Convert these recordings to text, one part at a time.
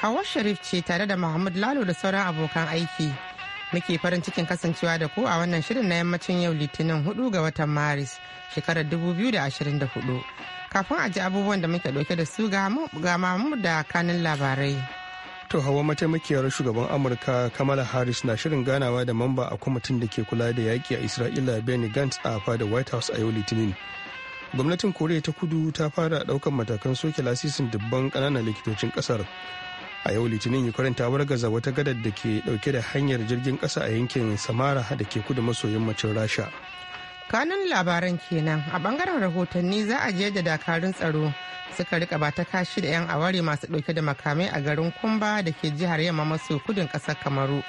Hawa Sharif ce tare da Mahmud Lalo da sauran abokan aiki. Muke farin cikin kasancewa da ku a wannan shirin na yammacin yau Litinin 4 ga watan Maris shekarar 2024. Kafin a ji abubuwan da muke ɗauke da su ga mu da kanin labarai. To hawa mataimakiyar shugaban Amurka Kamala Harris na shirin ganawa da mamba a kwamitin da ke kula da yaƙi a Isra'ila Benny Gantz a fadar White House a yau Litinin. Gwamnatin Koriya ta Kudu ta fara ɗaukar matakan soke lasisin dubban ƙananan likitocin ƙasar. a yau litinin ukraine ta wargaza wata gadar da ke dauke da hanyar jirgin kasa a yankin samara da ke kudu maso yammacin rasha kanun labaran kenan a bangaren rahotanni za a je da dakarun tsaro suka rika ba ta kashi da 'yan aware masu dauke da makamai a garin kumba da ke jihar yamma maso kudin kasar kamaru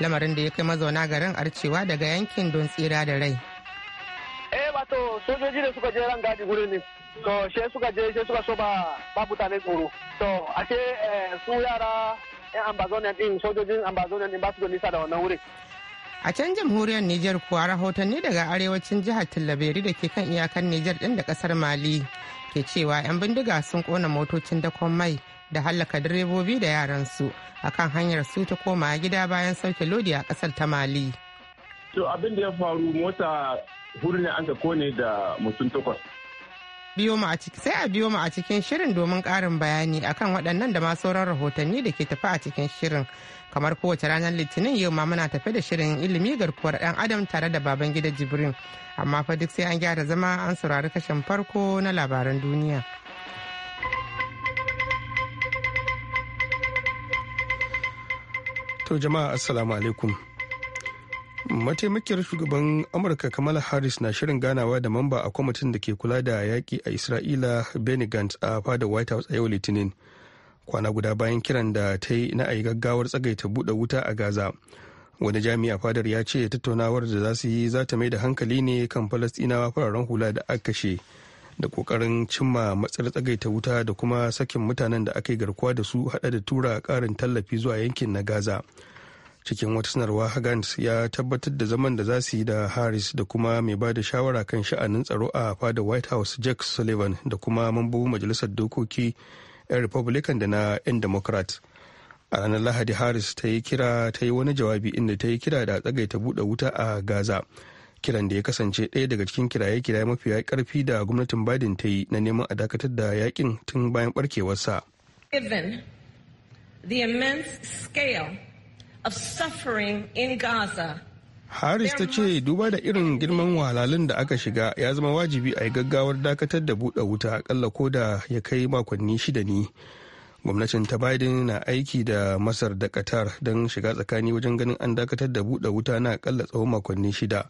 lamarin da ya kai mazauna garin arcewa daga yankin don tsira da rai eh wato sojoji da suka je ran gadi gurin ne to shi suka je sai suka so ba ba mutane tsoro to ashe eh, su yara yan ambazonian din sojojin ambazonian din ba su da nisa da wannan wurin a can jamhuriyar niger kuwa rahotanni daga arewacin jihar tillaberi da ke kan iyakar niger din da kasar mali ke cewa 'yan bindiga sun kona motocin dakon mai da hallaka direbobi da yaransu akan hanyar su ta koma gida bayan sauke lodi a kasar ta mali to abin da ya faru mota hurne an ta kone da mutum takwas biyo mu a ciki sai a biyo mu a cikin shirin domin ƙarin bayani akan waɗannan da ma sauran rahotanni da ke tafi a cikin shirin kamar kowace ranar litinin yau ma muna tafe da shirin ilimi garkuwar ɗan adam tare da baban gida jibrin amma fa duk sai an gyara zama an saurari kashin farko na labaran duniya. To jama'a assalamu alaikum. mataimakiyar shugaban amurka kamala harris na shirin ganawa da mamba a kwamitin da ke kula da yaƙi a isra'ila benny gantz a fadar white house a yau litinin kwana guda bayan kiran da ta yi na ayi gaggawar tsagaita buɗe wuta a gaza wani jami'a fadar ya ce tattaunawar da za su yi za ta mai da hankali ne kan falastinawa fararen hula da aka kashe da kokarin cimma matsar tsagaita wuta da kuma sakin mutanen da aka yi garkuwa da su hada da tura karin tallafi zuwa yankin na gaza. cikin wata sanarwa Gantz ya tabbatar da zaman da za su yi da Harris da kuma mai ba da shawara kan sha'anin tsaro a fada White House Jack Sullivan da kuma mambobin majalisar dokoki 'yan Republican da na 'yan Democrat. A ranar Lahadi Harris ta yi kira ta yi wani jawabi inda ta yi kira da tsagaita buɗe wuta a Gaza. Kiran da ya kasance ɗaya daga cikin kiraye-kiraye mafiya ƙarfi da gwamnatin Biden ta yi na neman a dakatar da yakin tun bayan ɓarkewarsa. Given of in Gaza. Harris ta ce duba da irin girman wahalalun da aka shiga ya zama wajibi a yi gaggawar dakatar da buɗe wuta akalla ko da ya kai makonni shida ne. Gwamnatin ta Biden na aiki da Masar da Qatar don shiga tsakani wajen ganin an dakatar da buɗe wuta na akalla tsawon makonni shida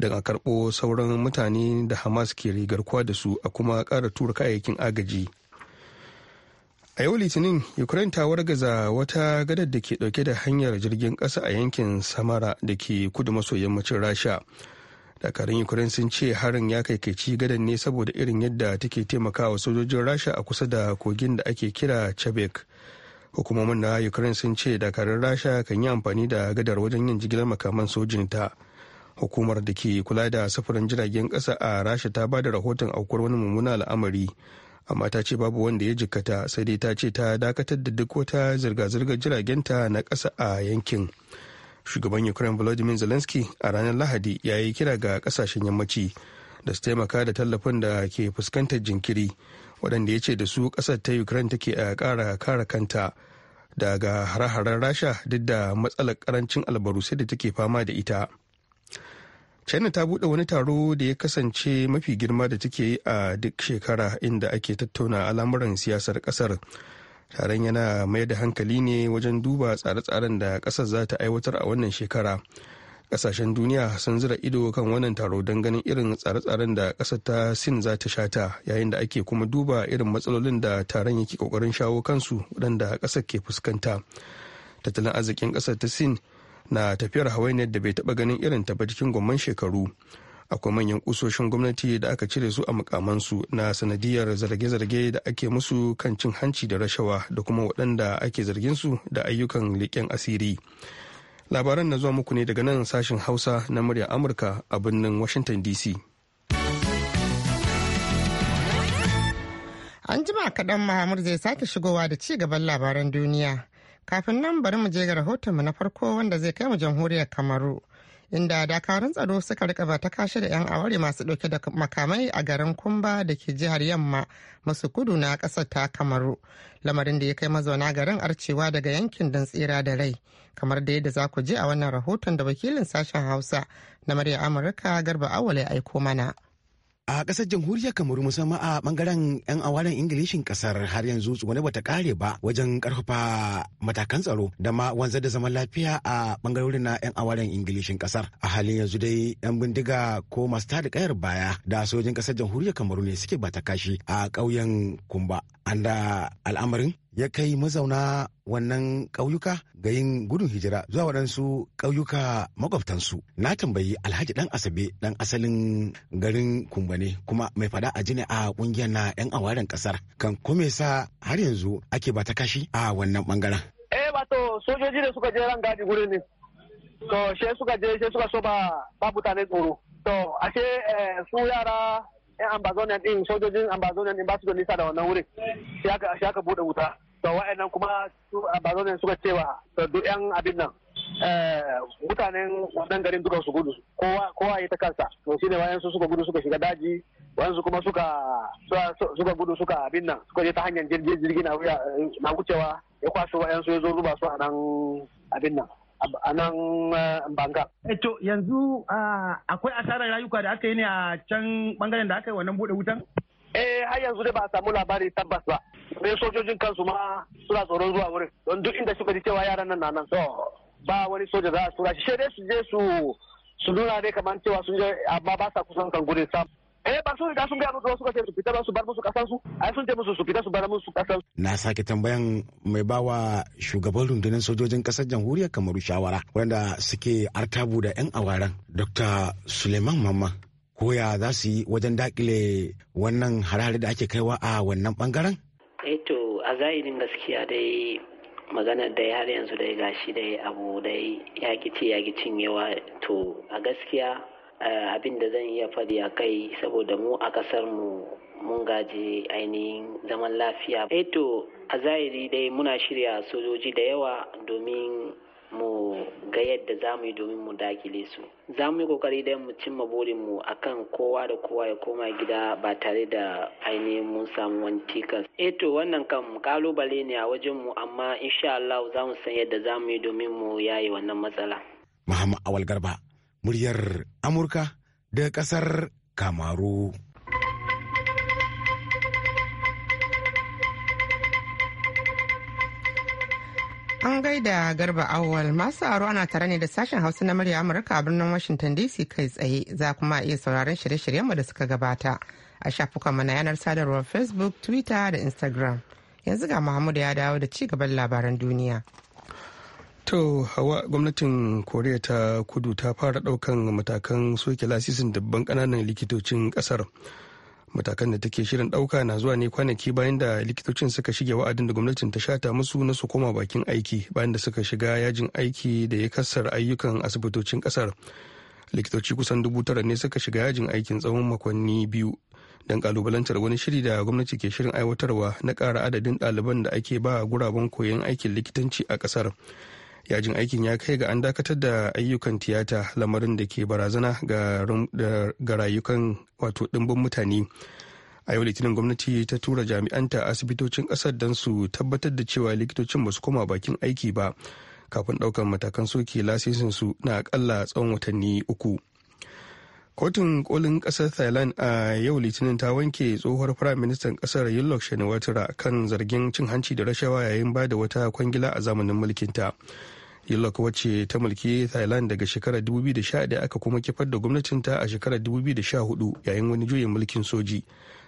don a karɓo sauran mutane da Hamas ke rigar da su a kuma ƙara tura kayayyakin agaji. a yau litinin ukraine ta wargaza wata gadar da ke dauke da hanyar jirgin kasa a yankin samara da ke kudu maso yammacin rasha dakarun ukraine sun ce harin ya kaikaici gadan ne saboda irin yadda take taimakawa sojojin rasha a kusa da kogin da ake kira chebek hukumomin na ukraine sun ce dakarun rasha kan yi amfani da gadar wajen yin jigilar makaman sojinta hukumar da ke kula da sufurin jiragen kasa a rasha ta ba da rahoton aukuwar wani mummuna al'amari amma ta ce babu wanda ya jikkata sai dai ta ce ta dakatar da duk wata zirga-zirgar jiragenta na ƙasa a yankin shugaban ukraine volodymyr zelensky a ranar lahadi ya yi kira ga ƙasashen yammaci da su taimaka da tallafin da ke fuskantar jinkiri waɗanda ya ce da su ƙasar ta ukraine take a eh, ƙara kare kanta daga hare-haren rasha duk da matsalar ƙarancin albarusai da take fama da ita china ta bude wani taro da ya kasance mafi girma da take yi a duk shekara inda ake tattauna al'amuran siyasar kasar taron yana mai da hankali ne wajen duba tsare-tsaren da kasar za ta aiwatar a wannan shekara kasashen duniya sun zira ido kan wannan taro don ganin irin tsare-tsaren da kasar ta sin za ta shata yayin da ake kuma duba irin matsalolin da taron yake kokarin shawo kansu waɗanda kasar ke fuskanta tattalin arzikin kasar ta sin na tafiyar hawainiyar da bai taɓa ganin irin ta ba cikin gwamman shekaru akwai manyan kusoshin gwamnati da aka cire su a mukamansu na sanadiyar zarge-zarge da ake musu kan cin hanci da rashawa da kuma waɗanda ake zargin su da ayyukan leƙen asiri labaran na zuwa muku ne daga nan sashen hausa na murya amurka a birnin washington dc an jima kaɗan mahamud zai sake shigowa da ci gaban labaran duniya Kafin nan bari mu je ga rahotonmu na farko wanda zai kai mu jamhuriyar Kamaru. Inda dakarun tsaro suka rika ba ta kashe da 'yan aure masu dauke da makamai a garin Kumba da ke jihar Yamma masu kudu na ƙasar ta Kamaru. Lamarin da ya kai mazauna garin arcewa daga yankin don tsira da rai. Kamar da yadda za ku ji a wannan rahoton da wakilin sashen Hausa na murya Amurka Garba Awale aiko mana. a kasar jamhuriyar kamaru musamman a bangaren yan awaren ingilishin kasar har yanzu tsugune bata kare ba wajen karfafa matakan tsaro da ma wanzar da zaman lafiya a bangarorin na yan awaren ingilishin kasar a halin yanzu dai yan bindiga ko masu tada kayar baya da sojin kasar jamhuriyar kamaru ne suke bata kashi a ƙauyen kumba an da al'amarin ya kai mazauna wannan ƙauyuka ga yin gudun hijira zuwa waɗansu ƙauyuka maƙwabtansu. na tambayi alhaji ɗan asabe dan asalin garin kumbane kuma mai fada a jini a ƙungiyar na 'yan awaren ƙasar kan kome sa har yanzu ake ba ta kashi a wannan ɓangaren. eh wato sojoji da suka je ran gadi gurin ne to she suka je she suka so ba ba mutane tsoro to ashe eh, su yara yan ambazonian din sojojin ambazonian din ba su da nisa da wannan wurin shi aka bude wuta to wa'annan kuma su a bazonin suka cewa duk yan abin nan eh, mutanen wannan garin duka su gudu kowa kowa ya ta kansa to shi ne su suka gudu suka shiga daji wayan su kuma suka suka gudu suka abin nan suka je ta hanyar jirgin jirgi na na wucewa ya kwaso wayan su ya zo ruba su a nan abin nan a nan eh, banga. Eh, to yanzu ah, akwai asarar rayuka da aka yi ne a can bangaren da aka yi wannan bude wutan? eh har yanzu dai ba a samu labari tabbas ba sai sojojin kansu ma suna tsoron zuwa wurin don duk inda suka ji cewa yaran nan na nan ba wani soja za a tura shi sai dai su je su su nuna dai kamar cewa sun je amma ba sa kusan kan gudun sam eh ba su riga sun gaya musu suka ce su fita ba su bar musu kasan su ai sun ce musu su fita su bar musu kasan su na sake tambayan mai bawa shugaban rundunar sojojin kasar jamhuriyar kamaru shawara wanda suke artabu da yan awaran dr suleiman mamman koya za su yi wajen dakile wannan harare da ake kaiwa a wannan bangaren? Eto, eh a zahirin gaskiya dai maganar da har yanzu dai gashi dai abu dai ya gici ya gicin yawa to a gaskiya eh, abin da zan iya fadi a kai saboda mu a ƙasar mu mun gaji ainihin zaman lafiya. Eto, eh a zahiri dai muna shirya sojoji da yawa domin mu ga yadda za mu yi domin mu dakile su za mu yi kokari don mu cimma mu akan kowa da kowa ya koma gida ba tare da ainihin mun samu wani tikas eto eh wannan kan kalubale ne a wajen mu amma insha Allah za mu san yadda za mu yi domin mu yaye wannan matsala Muhammad Awal Garba muryar Amurka da kasar Kamaru An gaida garba awal masu aro ana tare ne da sashen hausa na murya Amurka a birnin Washington DC kai tsaye za kuma iya sauraron shirye-shiryenmu da suka gabata a shafukanmu na yanar sadarwar Facebook, Twitter da Instagram. Yanzu ga Muhammadu ya dawo da ci gaban labaran duniya. To hawa gwamnatin Koriya ta kudu ta fara daukan matakan soke lasisin dabban kananan likitocin kasar. matakan da take shirin ɗauka na zuwa ne kwanaki bayan da likitocin suka shige wa'adin da gwamnatin ta shata musu na su koma bakin aiki bayan da suka shiga yajin aiki da ya kassar ayyukan asibitocin kasar likitoci kusan dubu tara ne suka shiga yajin aikin tsawon makonni biyu don kalubalantar wani shiri da gwamnati ke shirin aiwatarwa na kara adadin ɗaliban da ake ba guraben koyon aikin likitanci a ƙasar yajin aikin ya kai ga an dakatar da ayyukan tiyata lamarin da ke barazana ga rayukan wato ɗimbin mutane a yau litinin gwamnati ta tura jami'anta ta asibitocin ƙasar don su tabbatar da cewa likitocin ba su koma bakin aiki ba kafin ɗaukar matakan soke lasisinsu na akalla tsawon watanni uku. kotun kolin kasar thailand a yau litinin ta wanke tsohuwar firayim ministan kasar yillok shenewatra kan zargin cin hanci da rashawa yayin ba da wata kwangila a zamanin mulkinta yillok wacce ta mulki thailand daga shekarar 2011 aka kuma kifar da gwamnatinta a shekarar 2014 yayin wani juyin mulkin soji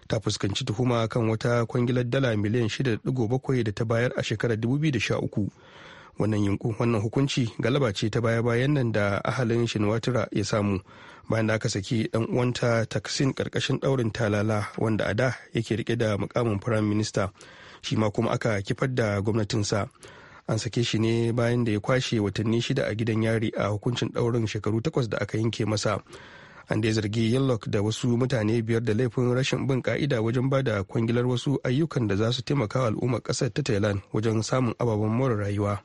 ta fuskanci tuhuma kan wata kwangilar dala miliyan 6.7 da ta bayar a shekarar 2013 wannan yinku wannan hukunci galaba ce ta baya-bayan nan da ahalin shinwatira ya samu bayan da aka saki dan uwanta taksin karkashin daurin talala wanda a da yake rike da mukamin firayim minista shi ma kuma aka kifar da gwamnatinsa an sake shi ne bayan da ya kwashe watanni shida a gidan yari a hukuncin daurin shekaru takwas da aka yanke masa an da zargi yallock da wasu mutane biyar da laifin rashin bin ka'ida wajen ba da kwangilar wasu ayyukan da za su taimaka al'ummar kasar ta thailand wajen samun ababen more rayuwa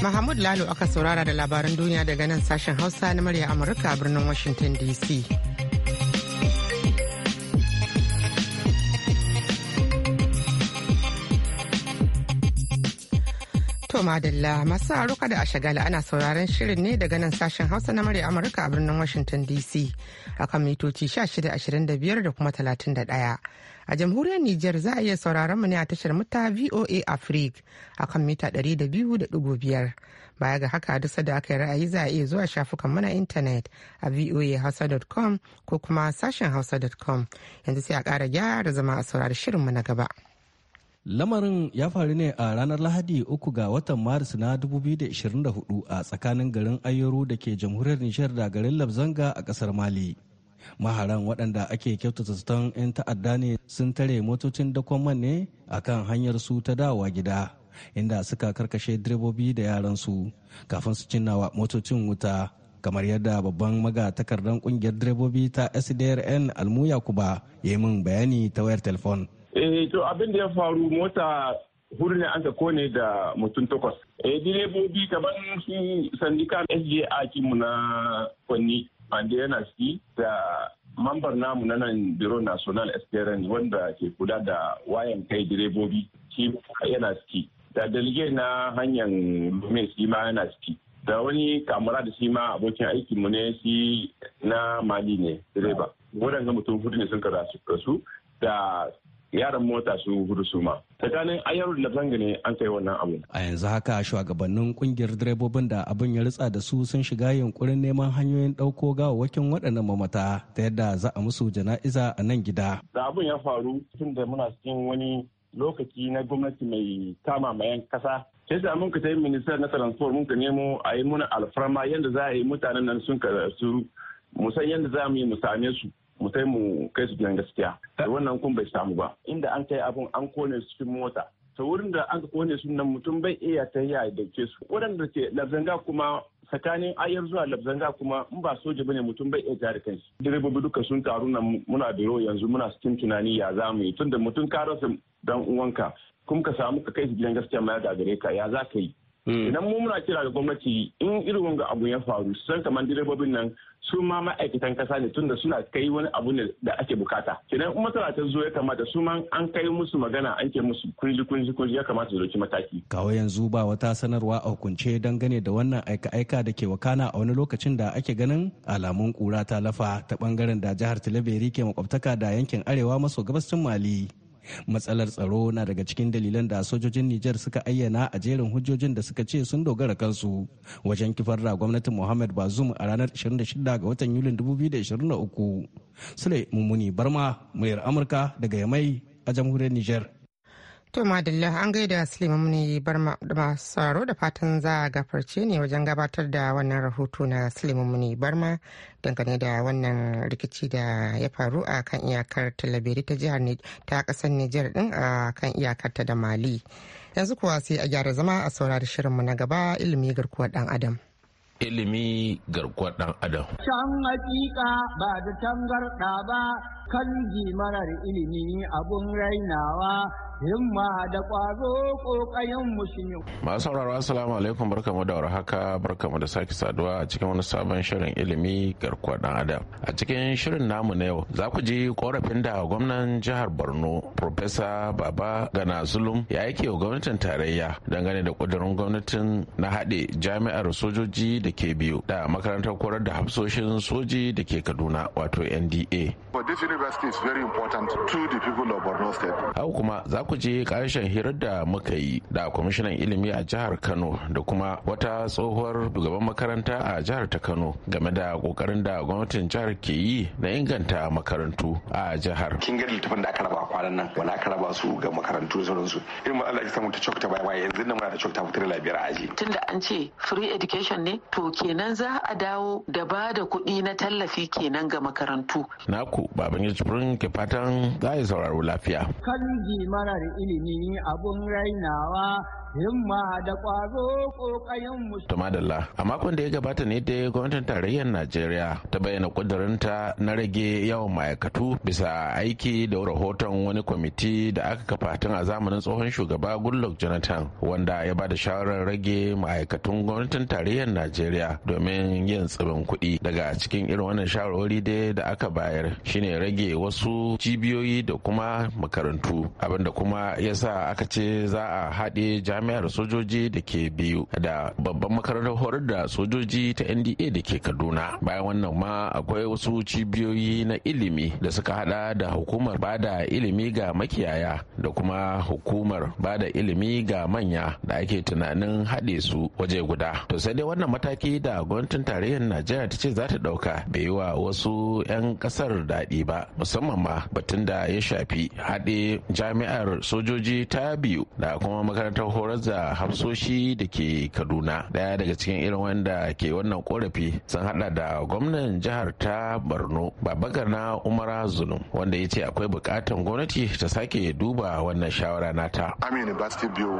Mahmud Lalo aka saurara da labaran duniya daga nan sashen Hausa na murya Amurka a birnin Washington DC. To madalla masu haruka da ashagala ana sauraron shirin ne daga nan sashen Hausa na murya Amurka a birnin Washington DC a kan mitoci 1625 da kuma 31. A jamhuriyar Nijar za a iya sauraron mu ne a tashar muta VOA a kan mita 200.5. Baya ga haka duk da aka yi ra'ayi za a iya zuwa shafukan mana intanet a voahausa.com ko kuma sashen hausa.com yanzu sai a kara gyara zama a saurari mu na gaba. Lamarin ya faru ne a ranar Lahadi uku ga watan Maris na 2024 a tsakanin garin Ayoro da ke jamhuriyar Nijar da garin Labzanga a kasar Mali. Maharan waɗanda ake kyautata zaton 'yan ta'adda ne sun tare motocin dakon man ne a kan hanyar su ta dawa gida, inda suka karkashe direbobi da yaran su kafin su cinnawa motocin wuta. kamar yadda babban magatakardan ƙungiyar direbobi ta sdrn almu yakuba ya yi min bayani ta wayar telefon Eh to abin da ya faru mota hudu ne an kone da mutum takwas. Eh direbobi kamar su sandika SJA kinmu na kwanni wanda yana da mambar namu na nan Biro National Experience wanda ke kula da wayan kai direbobi shi yana ski Da dalge na hanyar lume shi ma yana ski. Da wani kamara da shi ma abokin aikinmu ne shi na Mali ne direba. Wadanda mutum hudu ne sun rasu da yaran mota su hudu su ma tsakanin ayar da zanga ne an kai wannan abu a yanzu haka shugabannin kungiyar direbobin da abin ya ritsa da su sun shiga yunkurin neman hanyoyin dauko wakin waɗannan mamata ta yadda za a musu jana'iza a nan gida da abin ya faru tun da muna cikin wani lokaci na gwamnati mai kama mayan kasa sai da mun ka tayi ministar na transport mun ka nemo a yi muna alfarma yadda za a yi mutanen nan sun ka su musan yadda za mu yi mu same su mu sai mu kai su gidan gaskiya da wannan kun bai samu ba inda an kai abun an kone su cikin mota ta wurin da aka kone su nan mutum bai iya ta yi ya dauke su waɗanda ke labzanga kuma tsakanin ayar zuwa labzanga kuma in ba soja bane mutum bai iya tare kanshi direbobi duka sun taru na muna biro yanzu muna cikin tunani ya za mu yi tunda mutum ka rasa dan uwanka kuma ka samu ka kai su gidan gaskiya ma ya gagare ka ya za ka yi Hmm. idan mu muna kira ga gwamnati in irin wanga abu ya faru san kamar direbobin nan su ma ma'aikatan kasa ne tunda suna kai wani abu ne da ake bukata idan in matsala ta zo ya kamata su ma an kai musu magana an ke musu kunji kunji kunji ya kamata su dauki mataki kawo yanzu ba wata sanarwa a hukunce dangane da wannan aika aika da ke wakana a wani lokacin da ake ganin alamun kura ta lafa ta bangaren da jihar Tilaberi ke makwabtaka da yankin arewa maso gabashin Mali matsalar tsaro na daga cikin dalilan da sojojin nijar suka ayyana a jerin hujjojin da suka ce sun dogara kansu wajen kifar da gwamnatin muhammad bazum a ranar 26 ga watan yulin 2023 sule mummuni barma muryar amurka daga yamai a jamhuriyar nijar To Madalla an gaida Suleiman ne bar masu sauraro da fatan za a gafarce ne wajen gabatar da wannan rahoto na Suleiman ne barma dangane da wannan rikici da ya faru a kan iyakar talabiri ta jihar ta kasar Nijar din a kan iyakar ta da Mali. Yanzu kuwa sai a gyara zama a saurari shirinmu na gaba ilimi garkuwar dan Adam. Ilimi garkuwar dan Adam. Can hakika ba da tangarda ba kan marar ilimi abun rainawa himma da ƙwazo ƙoƙayen mushinyo. Masu sauraro assalamu alaikum barkamu da warhaka barkamu da sake saduwa a cikin wani sabon shirin ilimi garkuwa ɗan adam. A cikin shirin namu na yau za ku ji korafin da gwamnan jihar Borno Profesa Baba Gana Zulum ya yi wa gwamnatin tarayya dangane da ƙudurin gwamnatin na haɗe jami'ar sojoji da ke biyu da makarantar korar da hafsoshin soji da ke Kaduna wato NDA. For this university is very important to the people of Borno state. Hau kuma za ku je karshen hirar da muka yi da kwamishinan ilimi a jihar Kano da kuma wata tsohuwar shugaban makaranta a jihar ta Kano game da kokarin da gwamnatin jihar ke yi na inganta makarantu a jihar. Kin ga littafin da aka raba kwanan nan wani aka raba su ga makarantu sauransu. Irin matsalar ake samu ta cokta ta baya yanzu nan muna da cokta ta fitar labiyar aji. Tunda an ce free education ne to kenan za a dawo da ba da kuɗi na tallafi kenan ga makarantu. Naku baban ya ke fatan za a yi sauraro lafiya. Kanji mana ilimi abun rainawa himma da ƙwazo musu. Tumadalla, a makon da ya gabata ne da gwamnatin tarayyar Najeriya ta bayyana kudurinta na rage yawan ma'aikatu bisa aiki da rahoton wani kwamiti da aka kafa tun a zamanin tsohon shugaba Goodluck Jonathan wanda ya ba da shawarar rage ma'aikatun gwamnatin tarayyar Najeriya domin yin tsibin kuɗi daga cikin irin wannan shawarwari dai da aka bayar shine rage wasu cibiyoyi da kuma makarantu abinda kuma ya sa aka ce za a haɗe jami'ar sojoji da ke biyu da babban makarantar horar da sojoji ta nda da ke kaduna bayan wannan ma akwai wasu cibiyoyi na ilimi da suka hada da hukumar bada ilimi ga makiyaya da kuma hukumar bada ilimi ga manya da ake tunanin haɗe su waje guda to sai dai wannan mataki da gwamnatin tarayyar najeriya ta ce za ta ɗauka bai yi wa wasu 'yan ƙasar daɗi ba musamman ma batun da ya shafi haɗe jami'ar sojoji ta biyu da kuma makarantar horar horar da hafsoshi da ke kaduna daya daga cikin irin wanda ke wannan korafi sun hada da gwamnan jihar ta borno babagana umara zulum wanda ya ce akwai bukatan gwamnati ta sake duba wannan shawara nata i'm in university bill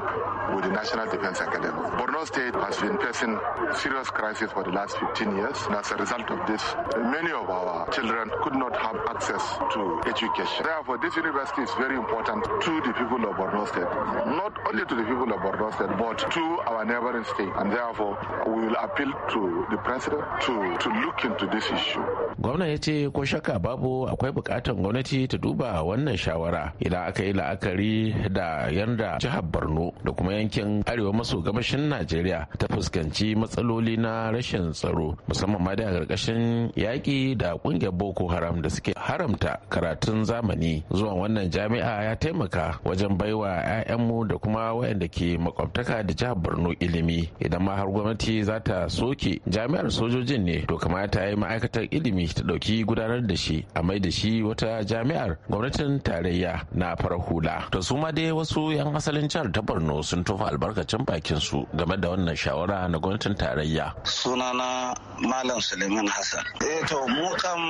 with the national defense academy borno state has been facing serious crisis for the last 15 years and as a result of this many of our children could not have access to education therefore this university is very important to the people of borno state not only to the people of Borno State, but to our neighboring state. And therefore, we will appeal to the president to, to look into this issue. Gwamna ya ce ko shakka babu akwai bukatar gwamnati ta duba wannan shawara idan aka yi la'akari da yanda jihar Borno da kuma yankin arewa maso gabashin Najeriya ta fuskanci matsaloli na rashin tsaro musamman ma da karkashin yaƙi da ƙungiyar Boko Haram da suke haramta karatun zamani zuwa wannan jami'a ya taimaka wajen baiwa 'ya'yanmu da kuma waɗanda ke makwabtaka da jihar borno ilimi idan ma har gwamnati za ta soke jami'ar sojojin ne to kamata ya yi ma'aikatar ilimi ta ɗauki gudanar da shi a mai da shi wata jami'ar gwamnatin tarayya na farar hula to su ma dai wasu 'yan asalin jihar ta borno sun tofa albarkacin bakin su game da wannan shawara na gwamnatin tarayya sunana malam suleiman hassan eh to mu kam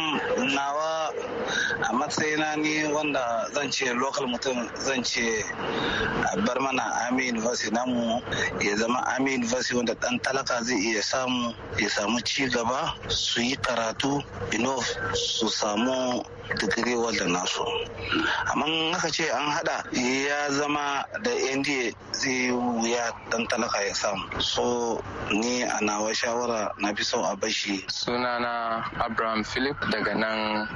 nawa a matsayina ne wanda zan ce local mutum zan ce bar mana amin university namu ya zama amin university wanda dan talaka zai iya samu ya samu ci gaba su yi karatu enough su samu digiri wadda nasu amma aka ce an hada ya zama da nda zai wuya dan talaka ya samu so ni a nawa shawara na fi sau a bashi sunana abraham philip daga nan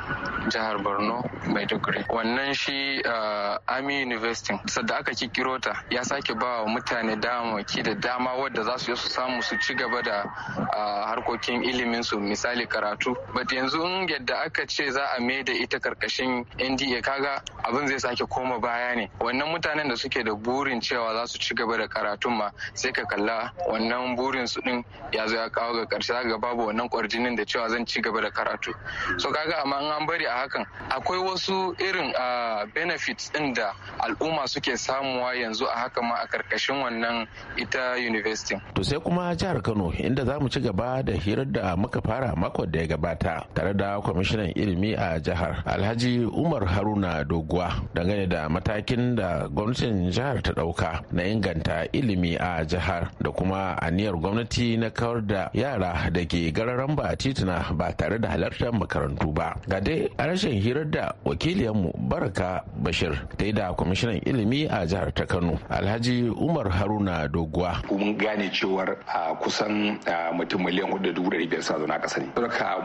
jihar borno maiduguri wannan shi uh, army university sadda aka kikiro ta ya sake ba wa mutane damaki da dama wadda za su yi su samu su ci gaba da uh, harkokin iliminsu, misali karatu but yanzu yadda aka ce za a mai da ita karkashin NDA kaga abin zai sake koma baya ne wannan mutanen da suke da burin cewa za su ci gaba da karatun ma sai ka kalla wannan burin su din ya zo ya kawo ga karshe ga babu wannan kwarjinin da cewa zan ci gaba da karatu so kaga amma in an bari a hakan akwai wasu irin ah, benefits din da al'umma suke samuwa yanzu a haka ma a karkashin wannan ita university to sai kuma jihar Kano inda zamu mu ci gaba da hirar da muka fara makon da ya gabata tare da kwamishinan ilimi a jihar alhaji umar haruna doguwa dangane da matakin da gwamnatin jihar ta dauka na inganta ilimi a jihar da kuma aniyar gwamnati na kawar da yara da ke gararan ba a tituna ba tare da halartar makarantu ba ga dai a rashin hirar da wakiliyanmu baraka bashir ta yi da kwamishinan ilimi a jihar ta kano alhaji umar haruna doguwa mun gane cewar a kusan mutum miliyan hudu da dubu ɗari biyar sa zauna ƙasa ne.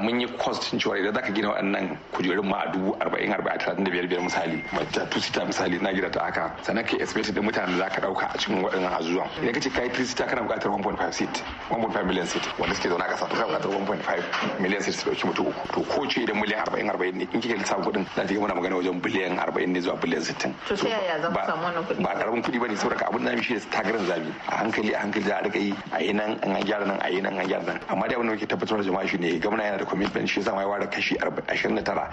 mun yi cost cewa idan ka gina waɗannan kujerun a dubu arba'in arba'in talatin da biyar biyar misali ta tusita misali na gida ta haka sannan ka estimate din mutanen da za ka ɗauka a cikin waɗannan hazuwan idan ka ce kai trisita kana buƙatar 1.5 seat 1.5 million seat wanda suke zaune a ƙasa kana buƙatar 1.5 million seat su ɗauki mutum uku to ko ce idan miliyan arba'in arba'in ne in kika lissafa kuɗin za ta yi mana magana wajen biliyan arba'in ne zuwa biliyan sittin. to ta yaya za ku samu wannan kuɗi. ba karamin kuɗi ba ne saboda abin da shi da tagarin zabi a hankali a hankali za a riƙa yi a yi nan an gyara nan a yi nan an gyara nan amma da abin da muke tabbatar da jama'a shi ne gwamna yana da commitment shi yasa ma ya ware kashi ashirin da tara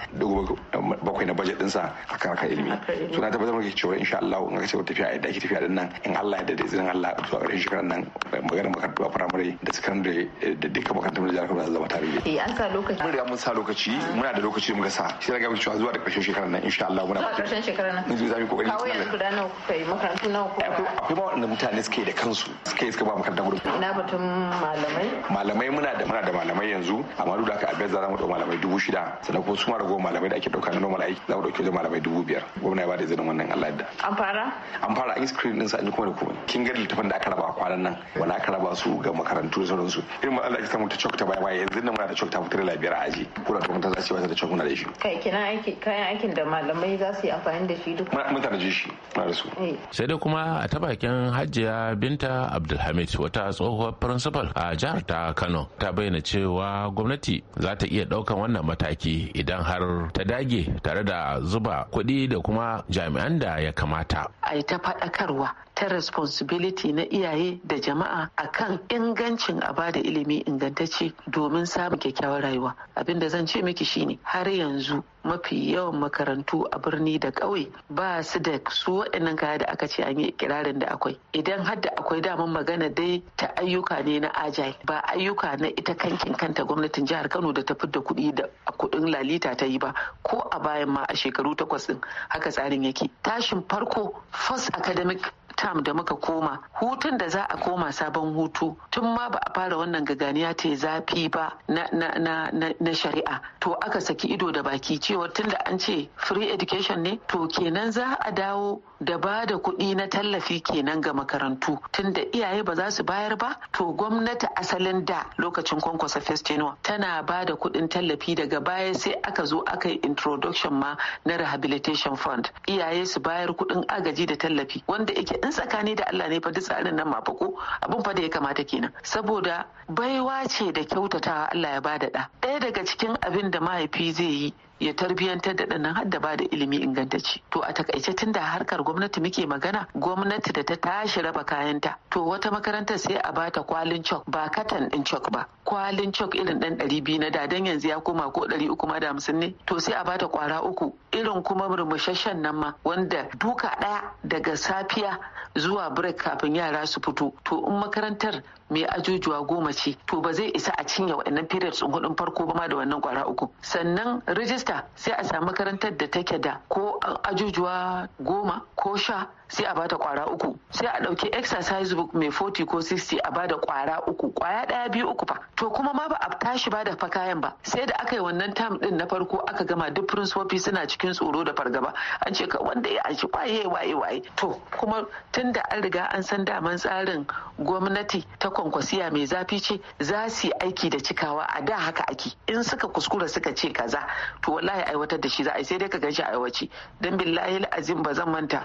bakwai na bajet dinsa a kan harkar ilimi to na tabbatar maka cewa insha Allah in aka ce tafiya yadda ake tafiya din nan in Allah ya dade zan Allah zuwa ƙarshen shekarar nan magana makarantu a primary da secondary eh, da duka makarantun da jihar Kano zama tare da eh an sa lokaci mun riga mun sa lokaci muna da lokaci mun ga sa shi daga ga cewa zuwa da karshen shekarar nan insha Allah muna zuwa ƙarshen shekarar nan mun zai kokari kawai yanzu guda nawa kuka yi makarantu nawa kuka akwai ba wanda mutane suke da kansu suke suka ba makaranta gudu ina batun malamai malamai muna da muna da malamai yanzu amma duk da aka abiyar za mu da malamai dubu shida sannan kuma su ma ragowar malamai malamai da ake dauka na normal aiki za mu dauke wajen malamai dubu biyar gwamna ya bada izinin wannan Allah da an fara an fara an yi screen din sa an kuma da kuma kin ga littafin da aka raba kwanan nan wani aka raba su ga makarantu da sauransu irin matsalar da ake samu ta cok ta baya baya yanzu nan muna da cok ta fitar da labiyar a aji ko da kuma ta zace wata da cok muna da shi kai kina aiki kayan aikin da malamai za su yi amfani da shi duk mun tanaji shi muna da su eh. sai dai kuma a ta bakin Hajiya Binta Abdulhamid wata tsohuwar principal a jihar ta Kano ta bayyana cewa gwamnati za ta iya daukan wannan mataki idan har ta dage tare da zuba kuɗi da kuma jami'an da ya kamata. A yi ta faɗakarwa ta responsibility na iyaye da jama'a A kan ingancin a bada ilimi ingantacce domin samun kyakkyawar rayuwa abin da zan ce miki shine har yanzu mafi yawan makarantu a birni da ƙauye ba su da su waɗannan kaya da aka ce an yi ikirarin da akwai idan har da akwai damar magana dai ta ayyuka ne na agile ba ayyuka na ita kankin kanta gwamnatin jihar kano da ta fidda kuɗi da kuɗin lalita ta yi ba ko a bayan ma a shekaru takwas ɗin haka tsarin yake tashin farko first academic tam da muka koma hutun da za a koma sabon hutu tun ma ba a fara wannan gaganiya ta zafi ba na, shari'a to aka saki ido da baki cewa tun da an ce free education ne to kenan za a dawo da ba da kuɗi na tallafi kenan ga makarantu tunda iyaye ba za su bayar ba to gwamnati asalin da lokacin kwankwasa festinuwa tana ba da kuɗin tallafi daga baya sai aka zo aka yi introduction ma na rehabilitation fund iyaye su bayar kuɗin agaji da tallafi wanda yake in tsakani da Allah ne fa duk tsarin nan mafako abin fa da ya kamata kenan saboda baiwa ce da kyautatawa Allah ya bada da ɗaya daga cikin abin da mahaifi zai yi ya tarbiyantar da ɗanan har da ba da ilimi ingantacce to a takaice tun da harkar gwamnati muke magana gwamnati da ta tashi raba kayanta to wata makarantar sai a bata kwalin cok ba katan ɗin cok ba kwalin cok irin ɗan ɗari biyu na dadan yanzu ya koma ko ɗari uku ma da hamsin ne to sai a bata kwara uku irin kuma murmushashen nan ma wanda duka ɗaya daga safiya zuwa break kafin yara su fito to in makarantar mai ajujuwa goma ce to ba zai isa a cinye waɗannan periods ɗin hudun farko ba ma da wannan kwara uku sannan rijista sai a samu makarantar da take da ko ajujuwa goma ko sha sai a bata kwara uku sai a ɗauki exercise book mai 40 ko 60 a bada kwara uku kwaya ɗaya biyu uku fa to kuma ma ba a tashi ba da fa kayan ba sai da aka yi wannan term din na farko aka gama duk principal suna cikin tsoro da fargaba an ce ka wanda ya aiki kwaye waye waye to kuma tun da an riga an san daman tsarin gwamnati ta kwankwasiya mai zafi ce za su yi aiki da cikawa a da haka ake in suka kuskura suka ce kaza to wallahi aiwatar da shi za a yi sai dai ka gan shi aiwaci dan billahi azim ba zan manta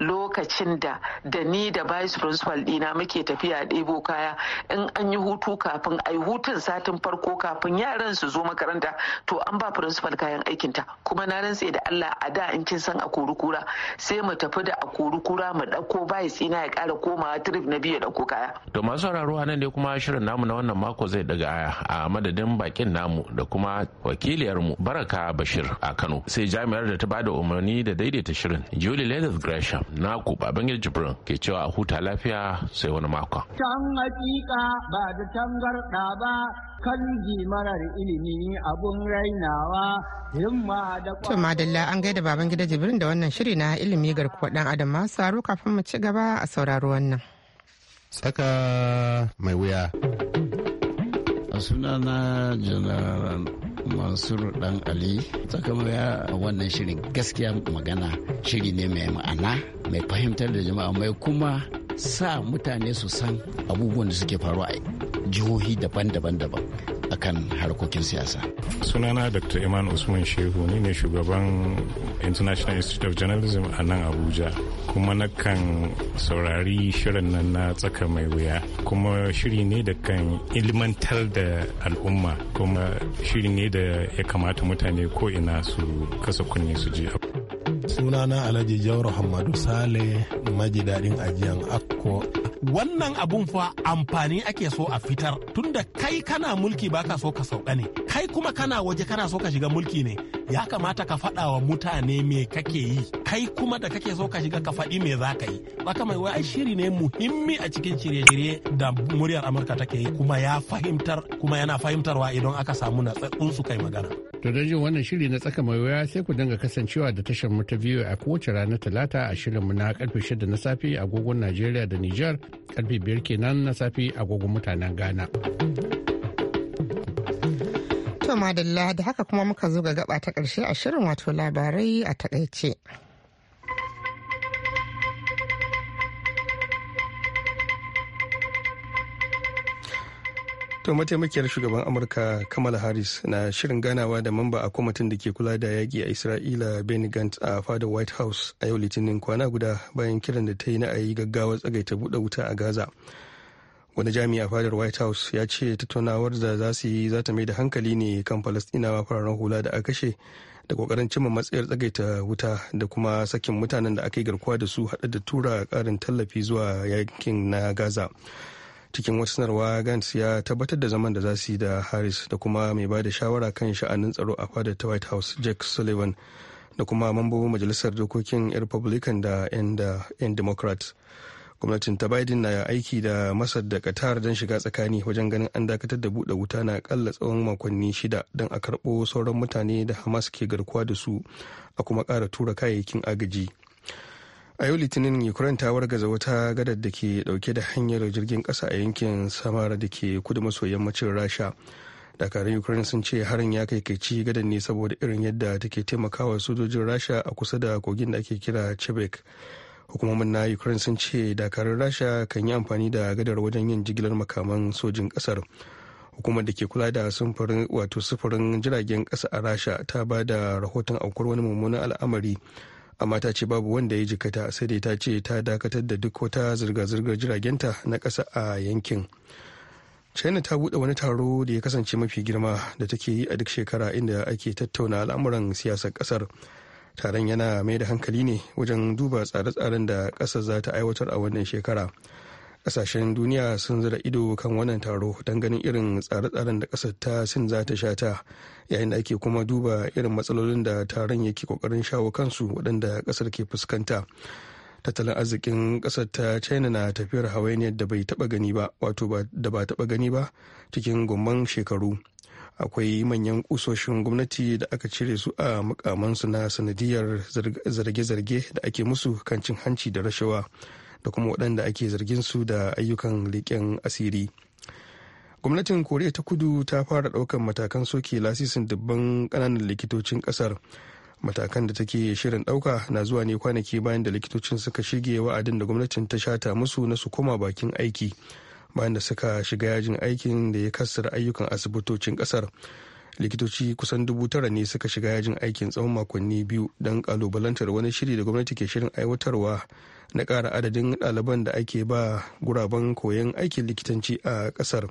lo lokacin da da ni da vice principal dina muke tafiya ɗebo kaya in an yi hutu kafin a yi hutun satin farko kafin yaran su zo makaranta to an ba principal kayan aikinta kuma na rantse da Allah a da in kin san a kura sai mu tafi da a kura mu ɗauko vice ina ya kara komawa trip na biyu ya ɗauko kaya. To masu sauraro nan ne kuma shirin namu na wannan mako zai daga aya a madadin bakin namu da kuma wakiliyar mu Baraka Bashir a Kano sai jami'ar da ta bada umarni da daidaita shirin Julie Leather Gresham naku babangida jibrin ke cewa a huta lafiya sai wani makon. can hakika ba da tangarda ba kan marar ilimi abun rainawa himma da kwa. madalla an gaida baban gida jibrin da wannan shiri na ilimi garkuwa dan adam ma saro kafin mu ci gaba a sauraro wannan. tsaka mai wuya. a sunana janaral mansur dan ali tsakamaya wannan shirin gaskiya magana shiri ne mai ma'ana mai fahimtar da jama'a mai kuma sa mutane su san abubuwan da suke faruwa a jihohi daban-daban daban akan harkokin siyasa sunana dr iman usman shehu ni ne shugaban international institute of journalism a nan abuja kuma nakan saurari shirin nan na tsaka mai wuya kuma shiri ne da kan ilimantar da al'umma kuma shiri ne da ya kamata mutane ko ina su kasa kunne su ji sunana alhaji jauro hamadu sale maji daɗin ajiyan akko wannan abun fa amfani ake so a fitar tunda kai kana mulki baka so ka sauka ne kai kuma kana waje kana so ka shiga mulki ne ya kamata ka faɗa wa mutane me kake yi kai kuma da kake so ka shiga ka faɗi me za ka yi baka mai wai shiri ne muhimmi a cikin shirye-shirye da muryar amurka take yi kuma ya fahimtar kuma yana fahimtarwa idan aka samu natsatsun su kai magana to don jin wannan shiri na tsaka mai wuya sai ku dinga kasancewa da tashar mu ta biyu a kowace rana talata a shirin mu na karfe shida na safe agogon najeriya da niger karfe biyar kenan na safe agogon mutanen ghana madalla da haka kuma muka zo ga gaba ta karshe a shirin wato labarai a takaice. To mataimakiyar shugaban Amurka Kamala Harris na shirin ganawa da mamba a kwamitin da ke kula da yaƙi a Isra'ila Benny Gantz a fadar White House a yau Litinin kwana guda bayan kiran da ta yi na a yi gaggawa tsagaita buɗe wuta a Gaza. wani jami'a fadar white house ya ce tattaunawar da za su yi za ta mai da hankali ne kan falastinawa fararen hula da aka kashe da kokarin cimma matsayar tsagaita wuta da kuma sakin mutanen da aka yi garkuwa da su hada da tura karin tallafi zuwa yankin na gaza cikin wata sanarwa gans ya tabbatar da zaman da za su yi da harris da kuma mai ba da shawara kan sha'anin tsaro a fadar ta white house jack sullivan da kuma mambobin majalisar dokokin republican da 'yan democrats gwamnatin ta biden na aiki da masar da qatar don shiga tsakani wajen ganin an dakatar da buɗe wuta na akalla tsawon makonni shida don a karɓo sauran mutane da hamas ke garkuwa da su a kuma ƙara tura kayayyakin agaji a yau litinin ukraine ta wargaza wata gadar da ke dauke da hanyar jirgin ƙasa a yankin samara da ke kudu maso yammacin rasha dakarun ukraine sun ce harin ya kai kaici gadan ne saboda irin yadda take taimakawa sojojin rasha a kusa da kogin da ake kira chebek hukumomin na ukraine sun ce dakarun rasha kan yi amfani da gadar wajen yin jigilar makaman sojin kasar hukumar da ke kula da sufurin wato sufurin jiragen kasa a rasha ta ba da rahoton aukuwar wani mummunan al'amari amma ta ce babu wanda ya jikata sai dai ta ce ta dakatar da duk wata zirga-zirgar jiragenta na ƙasa a yankin china ta buɗe wani taro da ya kasance mafi girma da take yi a duk shekara inda ake tattauna al'amuran siyasar ƙasar taron yana mai da hankali ne wajen duba tsare-tsaren da ƙasar za ta aiwatar a wannan shekara ƙasashen duniya sun zira ido kan wannan taro don ganin irin tsare-tsaren da ƙasar ta sin za ta sha ta yayin da ake kuma duba irin matsalolin da taron yake ƙoƙarin shawo kansu waɗanda ƙasar ke fuskanta tattalin arzikin ƙasar ta china na tafiyar hawainiyar da bai taɓa gani ba wato da ba taɓa gani ba cikin gomman shekaru akwai manyan kusoshin gwamnati da aka cire su a mukamansu na sanadiyar zarge-zarge da ake musu kan cin hanci da rashawa da kuma waɗanda ake zargin su da ayyukan leƙen asiri gwamnatin koriya ta kudu ta fara ɗaukar matakan soke lasisin dubban ƙananan likitocin ƙasar matakan da take shirin ɗauka na zuwa ne kwanaki bayan da likitocin suka shige wa'adin da gwamnatin ta shata musu na su koma bakin aiki bayan da suka shiga yajin aikin da ya kassar ayyukan asibitocin kasar likitoci kusan dubu tara ne suka shiga yajin aikin tsawon makonni biyu don kalubalantar wani shiri da gwamnati ke shirin aiwatarwa na ƙara adadin ɗaliban da ake ba guraben koyon aikin likitanci a ƙasar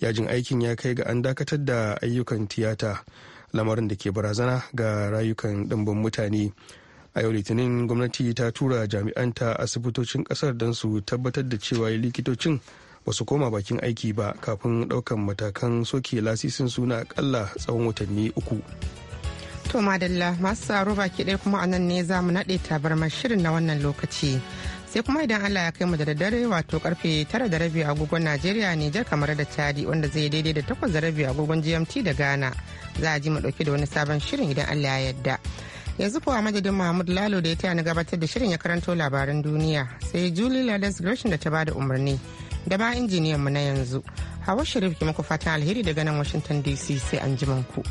yajin aikin ya kai ga an dakatar da ayyukan tiyata lamarin da ke barazana ga rayukan ɗimbin mutane a yau litinin gwamnati ta tura jami'anta asibitocin ƙasar don su tabbatar da cewa likitocin ba su koma bakin aiki ba kafin ɗaukan matakan soke lasisin suna akalla tsawon watanni uku. To madalla masu tsaro baki ɗaya kuma a nan ne za mu naɗe tabarmar shirin na wannan lokaci. Sai kuma idan Allah ya kai mu da daddare wato karfe tara da rabi agogon Najeriya Nijar kamar da cadi wanda zai daidai da takwas da rabi agogon GMT da Ghana. Za a ji mu ɗauki da wani sabon shirin idan Allah ya yadda Yanzu kuwa madadin Mahmud Lalo da ya taya na gabatar da shirin ya karanto labaran duniya sai Julie Ladas Gresham da ta bada umarni. da ma injiniyan mu na yanzu hawa sharif ki muku fatan alheri daga nan washington dc sai an ku.